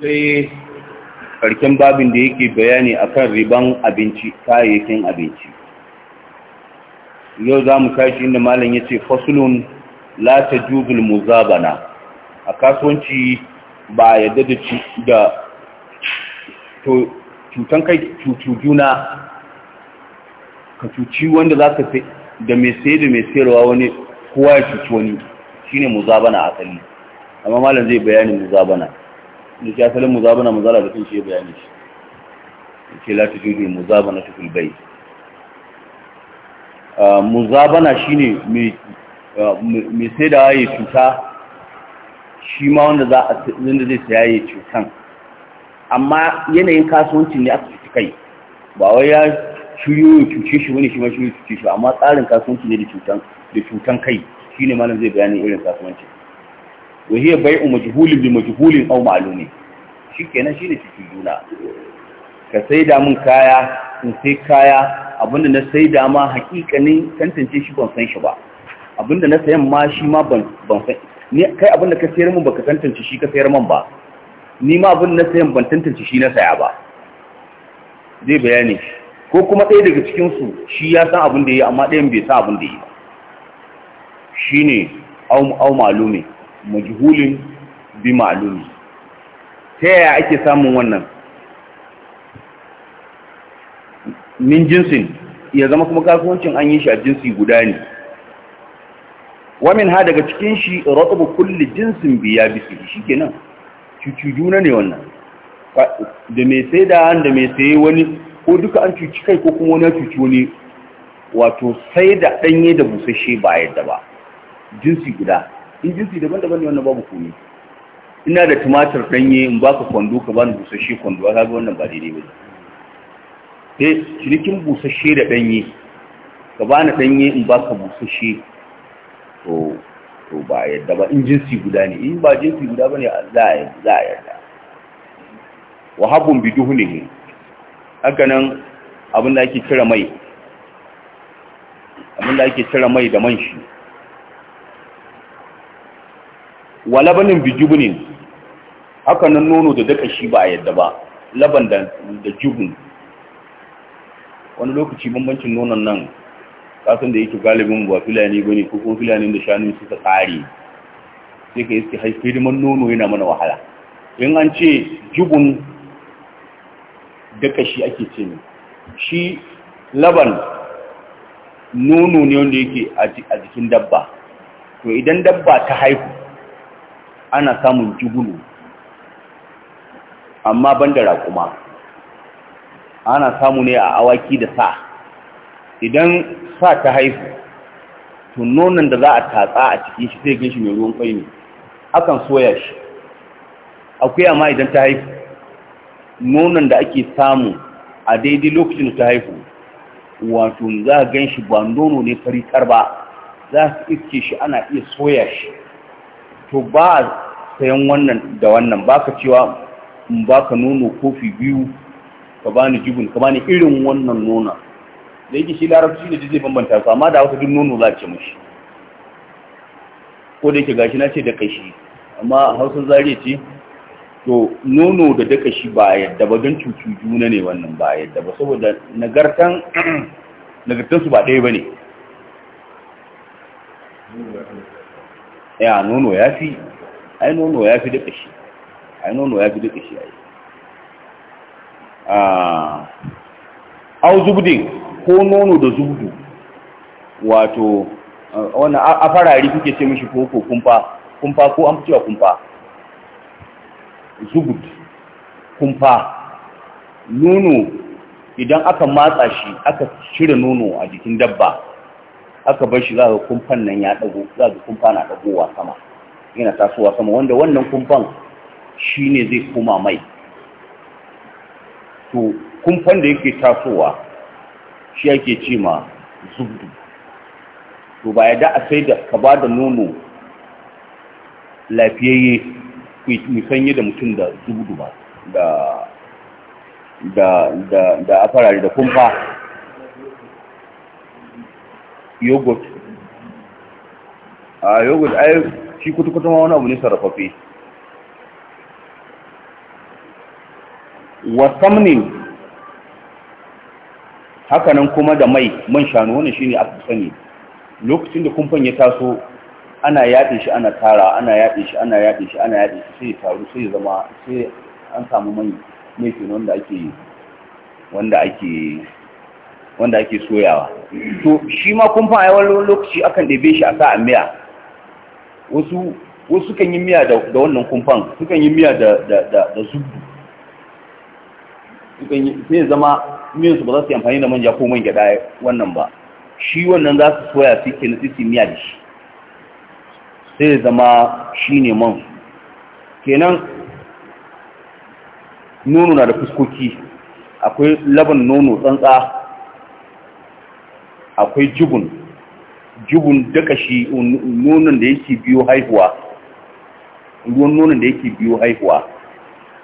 sai karken babin da yake bayani akan riban abinci kayayyakin abinci yau za mu tashi inda malam ya ce fasulun la jubil juzul muzabana a kasuwanci ba yadda da da cutan kai cutu juna ka cuci wanda za ka fi da mai sai da mai sayarwa wani kowa ya cuci wani shine muzabana asali amma malam zai bayani muzabana da shi asalin muzabana muzala da kan shi bayani shi ce la tujudu muzabana tukul bai muzabana shi ne mai sai da yayi cuta shi ma wanda za a wanda zai saya ya cutan amma yanayin kasuwancin ne aka cuci kai ba wai ya shiryo ya cuce shi wani shi ma shiryo cuce shi amma tsarin kasuwanci ne da cutan kai, shi ne malam zai bayani irin kasuwancin wa hiya bai'u majhulin bi majhulin aw ma'lumin shikenan shine cikin juna ka saida mun kaya in sai kaya abinda na saida ma hakikanin tantance shi ban san shi ba abinda na sayan ma shi ma ban san ni kai abinda ka sayar mun baka tantance shi ka sayar man ba ni ma abin na sayan ban tantance shi na saya ba zai bayani ko kuma ɗaya daga cikin su shi ya san abin da yi amma ɗayan bai san abin da yi ba shine au au malume majhulin bi ma'lumi ta yaya ake samun wannan min jinsin ya zama kuma kasuwancin an yi shi a jinsi guda ne wamin ha daga cikin shi ratabu kulli jinsin biya bisi shi kenan cucu juna ne wannan da mai sai da da mai sai wani ko duka an cuci kai ko kuma wani cuci wani wato sai da ɗanye da busasshe ba yadda ba jinsi guda in jinsi daban-daban ne wannan babu komai ina da tumatir ɗanye in ba ka kwando ka ba ni busasshe kwando A ga wannan ba daidai ba He! cinikin busasshe da ɗanye, ka ba ni ɗanye in ba busasshe to to ba yadda ba in jinsi guda ne in ba jinsi guda bane za a yadda a yarda bi habun ne haka nan abin da ake cire mai abin da ake cire mai da man shi wa labanin bijubunin haka nan nono da daka shi ba a yadda ba laban da jubun wani lokaci bambancin nonon nan kasan da yake galibin ba filani ba ne ko kuma filanin da shanu suka tsari sai ka iske hidiman nono yana mana wahala in an ce jubun daka shi ake ce ne shi laban nono ne wanda yake a jikin dabba to idan dabba ta haihu ana samun jigulu amma ban da raƙuma ana samu ne a awaki da sa idan sa ta haifu to nonan da za a tatsa a cikin shi sai gashi mai ruwan kwai ne akan soya shi akwai amma idan ta haifu nonon da ake samu a daidai lokacin ta haifu wato za a gan shi ba nono ne fari ba za su iske shi ana iya soya shi to ba a sayan wannan da wannan baka ka cewa in baka ka nono kofi biyu ka bani ka bani irin wannan nona da yake shi larabci ne zai bambanta su amma da hausa duk nono za a ce mashi ko da yake gashi na ce da kashi amma hausa zariya ce to nono da da kashi ba yadda ba don cutu juna ne wannan ba yadda ba saboda nagartan nagartansu ba ɗaya ba ne ya eh, nono ya fi ai nono ya fi da ƙashi ai nono ya fi da ƙashi ai ah, au zubdin ko nono da zubdu wato eh, wannan a farari kuke ce mishi ko ko kumfa kumfa ko an cewa kumfa zubud kumfa nono idan aka matsa shi aka cire nono a jikin dabba aka bar shi za ga kumfan nan ya dago za ga kumfa na dagowa sama yana tasowa sama wanda wannan kumfan shine zai koma mai to kumfan da yake tasowa shi yake ce ma zubdu to ba ya da a sai da ka ba da nono lafiyayye sanye da mutum da zubdu ba da da da da afarare da kumfa yogurt a ah, yogurt ai shi kutukutu ma wani abu ne sarrafafi wasamnin hakanan kuma da mai man shanu shi shine aka sani lokacin da kumfan ya taso ana yaɗe shi ana tara ana yaɗe shi ana yaɗe shi ana yaɗe shi sai ya taru sai ya zama sai an samu mai mai fi wanda ake wanda ake wanda ake soyawa to shi ma kun a yawan lokaci akan ɗebe shi a sa a miya wasu wasu kan yi miya da wannan kumfan sukan yi miya da zubu sukan yi sai zama miyansu ba za su yi amfani da manja ko man gyaɗa wannan ba shi wannan za su soya su ke na sisi miya da shi sai zama shi ne man kenan nono na da fuskoki akwai laban nono tsantsa akwai jubun jubun daka shi nonon da yake biyo haihuwa ruwan nonon da yake biyo haihuwa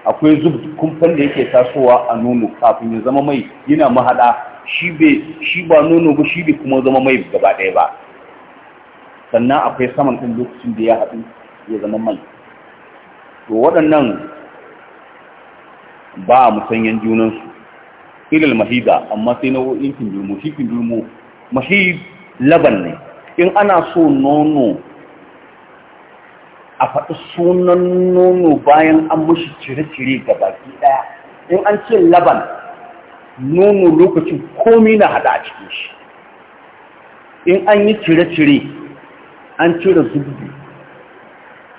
akwai zub kumfan da yake tasowa a nono kafin ya zama mai yana mahaɗa shi ba nono ba shi bai kuma zama mai gaba ɗaya ba sannan akwai saman ɗin lokacin da ya haɗu ya zama mai to waɗannan ba a musanyen junansu ilal mahida amma sai nau'o'in kindulmo shi kindulmo mahib laban ne in ana so nono a faɗi sunan nono bayan an mashi cire-cire ga baki ɗaya in an ce laban nono lokacin komi na haɗa a cikin shi in an yi cire-cire an cire zubi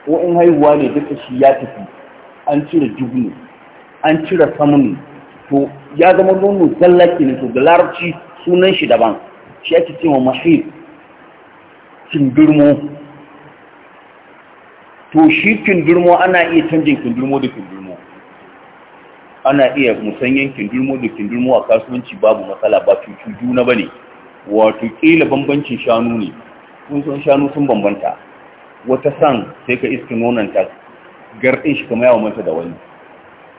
ko in haihuwa ne duka shi ya tafi an cire jubni an cire samuni to ya zama nono zallaki ne to da larabci sunan shi daban shi ake cewa mahir kindurmo to shi kindurmo ana iya canjin kindurmo da kindurmo ana iya musanyen kindurmo da kindurmo a kasuwanci babu matsala ba cucu juna ba ne wato ƙila bambancin shanu ne kun san shanu sun bambanta wata san sai ka iska nonanta garɗin shi kama yawon manta da wani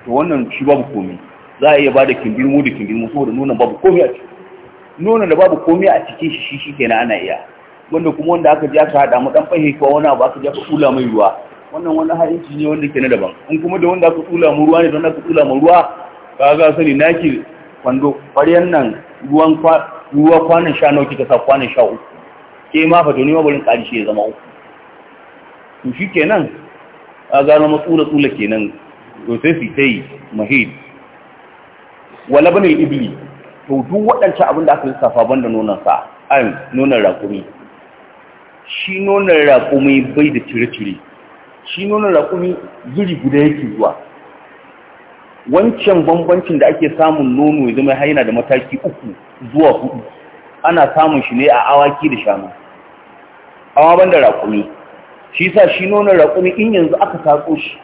to wannan shi babu komi za a iya ba da kindirmo da kindirmo saboda nuna babu komi a ciki Nuna da babu komai a cikin shi shi kenan ana iya wanda kuma wanda aka ji aka hada mu dan fahe ko wani abu aka ji aka kula mai ruwa wannan wani ha'inci ne wanda ke na daban in kuma da wanda aka kula mu ruwa ne don aka kula mu ruwa ka ga sani naki kwando ƙwaryan nan ruwan ruwa kwanan sha nauki ka sa kwanan sha uku ke ma fa to ne barin ƙari shi ya zama uku to shi kenan a gano matsula tsula kenan to sai su mahid wala bane iblis to duk waɗancan abin da aka lissafa banda nonon sa an nonon raƙumi shi nonon raƙumi bai da cire-cire shi nonon raƙumi ziri guda yake zuwa wancan bambancin da ake samun nono ya zama haina da mataki uku zuwa hudu ana samun shi ne a awaki da shanu ban da raƙumi shi sa shi nonon raƙumi in yanzu aka tatso shi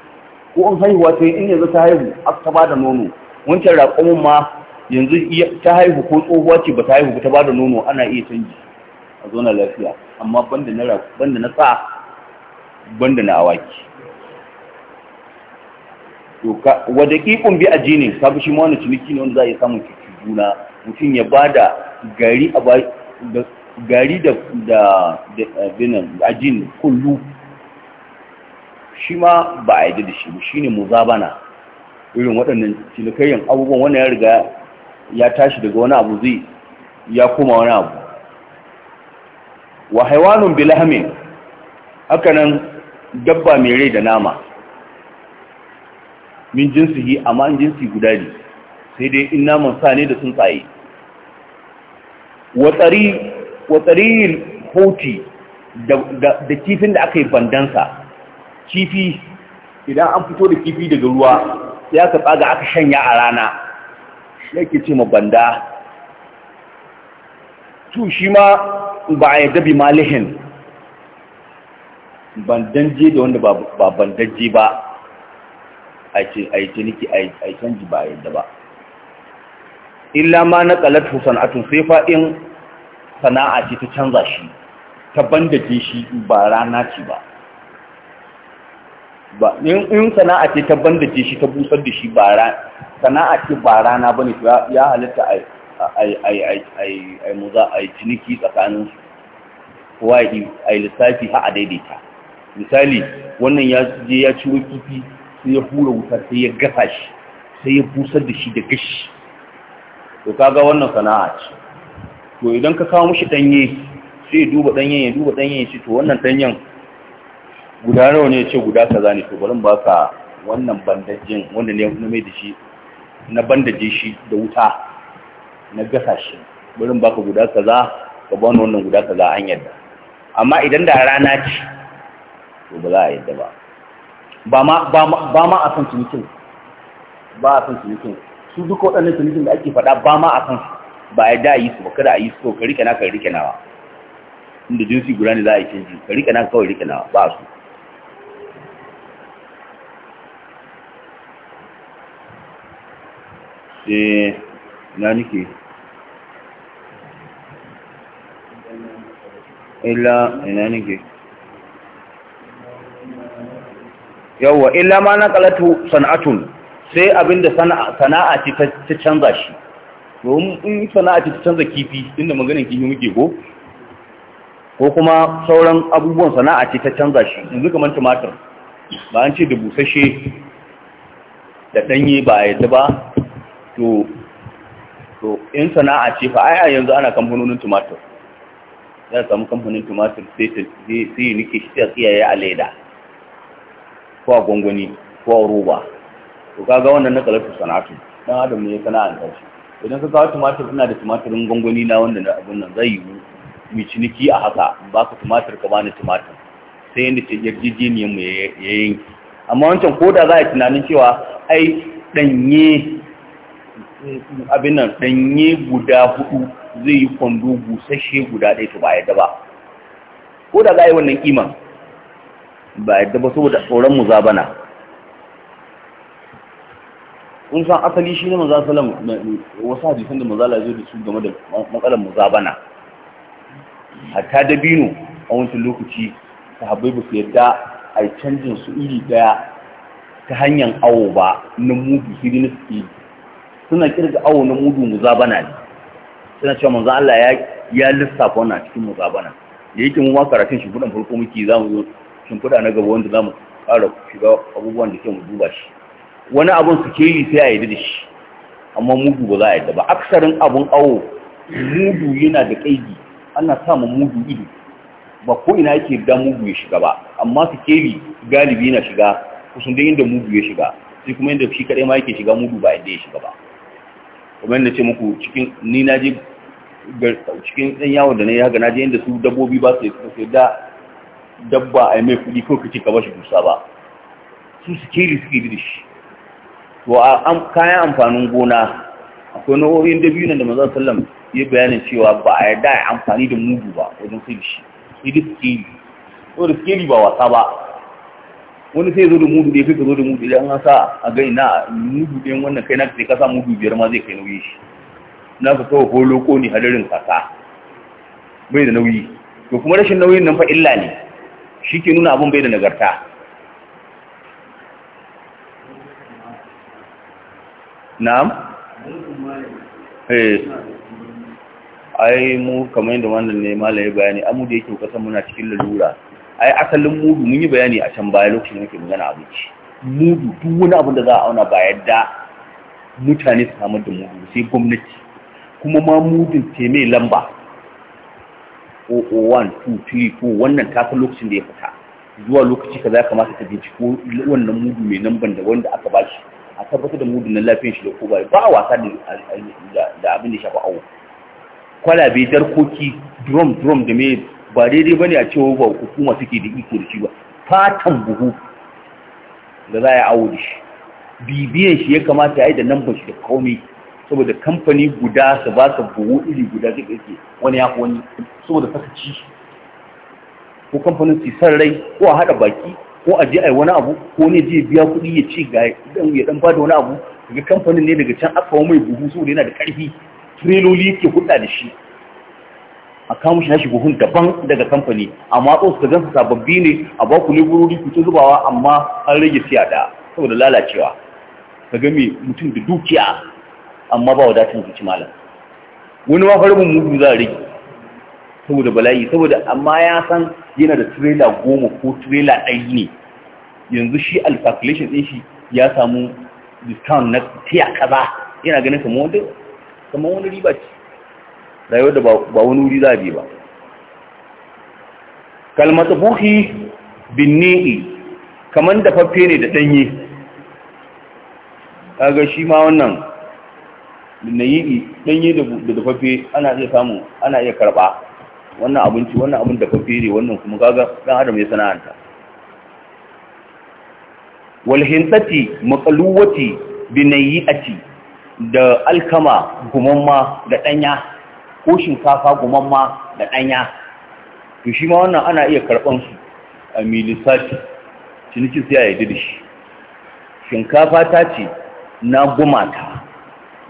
ko in haihuwa ta yi in yanzu ta haihu aka ba da nono wancan raƙumin ma yanzu ta haihu ko tsohuwa ce ba ta haihu ba ta ba da nono ana iya canji a zona lafiya amma banda na na sa banda na awaki to ka wada bi a jinin. Sabu shi ciniki ne wanda za a iya samun juna mutum ya ba da gari da binan a jini kullu shi ma ba a yi da shi ne shine muzabana irin waɗannan cinikayyan abubuwan wannan ya riga ya tashi daga wani abu zai ya koma wani abu wa haiwanun bilhamin hakanan dabba mai rai da nama min jinsu yi amma an jinsi guda ne sai dai in naman sa ne da tsuntsaye watsari hoti da kifin da aka yi bandansa kifi idan an fito da kifi daga ruwa sai aka tsaga aka shanya a rana yake ce ma banda tu shi ma ba a yadda bi malihin bandanje da wanda ba bandanje ba a ce a yi a yi canji ba a yadda ba illa ma na tsalatu sana'atun sai fa'in sana'a ce ta canza shi ta bandaje shi ba rana ce ba ba in sana'a ce ta ce shi ta busar da shi ba rana sana'a ce ba rana bane to ya halitta ai ai ai ai ai muza ai ciniki tsakanin wahi ai lissafi ha a daidaita misali wannan ya je ya ciro kifi sai ya hura wuta sai ya gasa shi sai ya busar da shi da gashi to kaga wannan sana'a ce to idan ka kawo mishi danye sai ya duba danyen ya duba danyen ya ce to wannan danyen guda nawa ne ya ce guda kaza ne to bari ba ka wannan bandajin wanda ne na mai da shi na bandaje shi da wuta na gasa shi bari ba ka guda kaza ka ba wannan guda kaza an yadda amma idan da rana ce to ba za a yadda ba ba ma a san cinikin ba a san cinikin su duka waɗannan cinikin da ake faɗa ba ma a san su ba a da a yi su ba kada a yi su ka rike na ka rike nawa inda jinsi guda ne za a yi canji ka rike na kawai rike nawa ba su na nike illa ina nike yawwa illa ma na kalatu san'atun sai abinda sana'a ce ta canza shi domin in sana'a ce ta canza kifi inda maganin kifi muke ko ko kuma sauran abubuwan sana'a ce ta canza shi yanzu kamar tumatir ba an ce da busashe da danye ba a yadda ba to to in sana'a ce fa ai yanzu ana kamfanonin tumatir za samu kamfanin tumatir sai yi nike shi tsiyaye a leda ko a gwangwani ko a roba to kaga wannan na kalatu sana'atu dan adam ne ya sana'anta shi idan ka kawo tumatir ina da tumatirin gwangwani na wanda na abun nan zai yiwu mai ciniki a haka ba ka tumatir ka bani tumatir sai yadda ce yarjejeniyar mu ya yanki amma wancan ko da za a yi tunanin cewa ai danye abin nan danye guda hudu zai yi kwando busashe guda ɗaya ta ba yadda ba ko da za a yi wannan kiman ba yadda ba saboda tsoron mu zabana kun san asali shi ne maza salam wasu hadisan da maza lazo da su game da matsalar mu zabana hatta da binu a wancan lokaci habai ba su yadda a canjin su iri daya ta hanyar awo ba na mubi su na suke suna kirga awo na mudu muzabana ne suna cewa manzo Allah ya ya lissafa wannan cikin muzabana da yake mu ma karatun shi gudan farko muke zamu zo shin kuda na gaba wanda zamu ƙara shiga abubuwan da ke mu duba shi wani abun su ke yi sai a yi da shi amma mudu ba za a yi ba aksarin abun awo mudu yana da kaidi ana sa mudu ido ba ko ina yake da mudu ya shiga ba amma su ke galibi yana shiga kusan da inda mudu ya shiga sai kuma inda shi kadai ma yake shiga mudu ba inda ya shiga ba kamar na ce muku cikin ni na je cikin ɗan yawon da na yi haka na je inda su dabbobi ba su yi da dabba a yi mai kuɗi ko kace ka bashi dusa ba su sikiri suke da shi to a kayan amfanin gona akwai nau'o'in nan da Maza sallam ya bayanin cewa ba a yarda ya amfani da mudu ba wajen sai da shi sai da sikiri to ba wasa ba wani sai zo da mudu da ya fi ka zo da mudu idan an sa a gai na mudu ɗin wannan kai na sai ka sa mudu biyar ma zai kai nauyi shi na ka kawo ko loko ne hadarin kasa bai da nauyi to kuma rashin nauyin nan fa illa ne shi ke nuna abin bai da nagarta na'am eh ai mu kamar yadda wannan ne malaye bayani amu da yake kasan muna cikin lalura ai asalin mudu mun yi bayani a can baya lokacin muke magana abinci mudu duk wani abin da za a auna ba yadda mutane su samar da mudu sai gwamnati kuma ma mudun teme lamba 001 wannan ta san lokacin da ya fita zuwa lokaci kaza kamata ta binciko wannan mudu mai namban da wanda aka bashi a tabbatar da mudu na lafiyar shi da ko bai ba a wasa da abin da shafa awo kwalabe darkoki drum drum da mai ba daidai ba ne a cewa ba hukuma suke da iko da shi ba fatan buhu da za a awo da shi bibiyan shi ya kamata ya yi da ba shi da komai saboda kamfani guda su ba ka buhu iri guda zai ɗauke wani ya wani saboda saka ci ko kamfanin su san rai ko a haɗa baki ko a je a yi wani abu ko ne je biya kuɗi ya ci ga ya ɗan ba da wani abu daga kamfanin ne daga can aka wa mai buhu saboda yana da ƙarfi tireloli yake hudda da shi a kamu shi shi buhun daban daga kamfani amma tsohon su gansu sababbi ne a ba ku leburori ku ta zubawa amma an rage siya da saboda lalacewa ka game mutum da dukiya amma ba datin zuci malam wani ma mun mutu za a rage saboda bala'i saboda amma ya san yana da tirela goma ko tirela ɗari ne yanzu shi alfacilation ɗin shi ya samu discount na tiya kaza yana ganin kamar wani riba ce rayuwar da ba wani wuri za a je ba kalmata buhi binni'i kamar dafaffe ne da ɗanyi kaga shi ma wannan na yi ɗanyi da dafaffe ana iya samu ana iya karɓa wannan abinci wannan abin dafaffe ne wannan kuma kaga ɗan adam ya sana'anta walhintati makaluwati binayi'ati da alkama gumamma da ɗanya ko shinkafa gumamma da ɗanya to shi ma wannan ana iya karɓar su a milisati cinikin sai a yi da shi shinkafa ta ce na gumata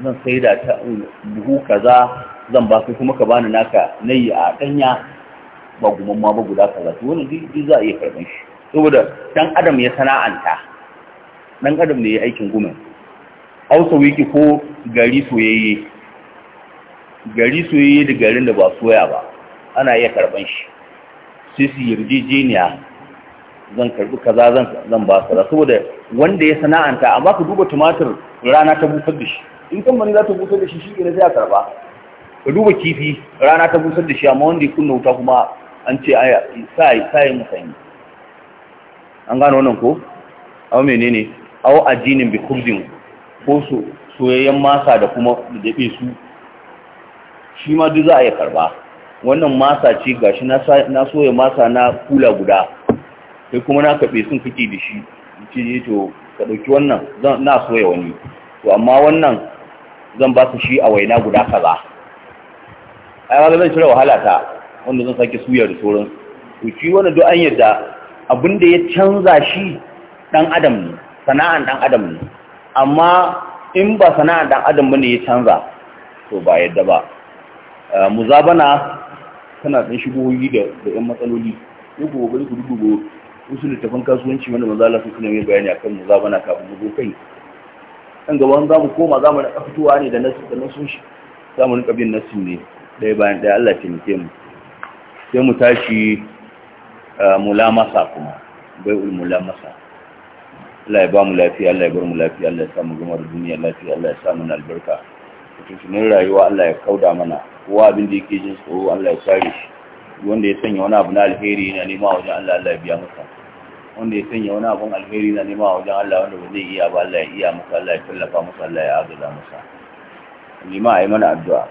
zan sai da ta buhu kaza zan ba kuma ka bani naka nayi a ɗanya ba gumamma ba guda kaza to wannan duk za a iya karɓar shi saboda dan adam ya sana'anta dan adam ne ya aikin gumin hausa wiki ko gari soyayye gari soyayye da garin da ba soya ba ana iya karban shi sai su yarjejeniya zan karbi kaza zan zan ba su saboda wanda ya sana'anta amma ka duba tumatir rana ta busar da shi in kamfani za ta busar da shi shi ne sai a karba ka duba kifi rana ta busar da shi amma wanda ya kunna wuta kuma an ce aya sai sai musanyi an gano wannan ko aw menene aw ajinin bi khubzin ko soyayyen masa da kuma da dabe su shi ma duk za a yi karba wannan masa ce gashi na soya masa na kula guda sai kuma na kaɓe sun kake da shi ce ne eh to ka ɗauki wannan na soya wani to amma wannan zan ba su shi a waina guda kaza a yi zan cire wahala ta wanda zan sake suya da sauran to shi wani duk an yadda abin da ya canza shi ɗan adam ne sana'an ɗan adam ne amma in ba sana'an ɗan adam ne ya canza to ba yadda ba Eh, muzabana tana ɗan shigohi da da ƴan matsaloli yugo gobe ku dubo wasu littafin kasuwanci wanda manzo Allah suna yin bayani akan muzabana kafin mu kai Ɗan gaba za mu koma za mu rika fitowa ne da nasu da nasu shi za mu rika bin nasu ne ɗaya bayan ɗaya Allah ya nike mu sai mu tashi eh, mulamasa kuma bai ul mulamasa Allah ya ba mu lafiya Allah ya bar mu lafiya Allah ya sa mu gama da duniya lafiya Allah ya sa mu albarka cikin rayuwa Allah ya kauda mana kowa abin da yake jin tsoro Allah ya kare shi wanda ya sanya wani abu na alheri na nema wajen Allah Allah ya biya masa wanda ya sanya wani abun alheri na nema wajen Allah wanda ba zai iya ba Allah ya iya masa Allah ya tallafa masa Allah ya agaza masa nima a yi mana addu'a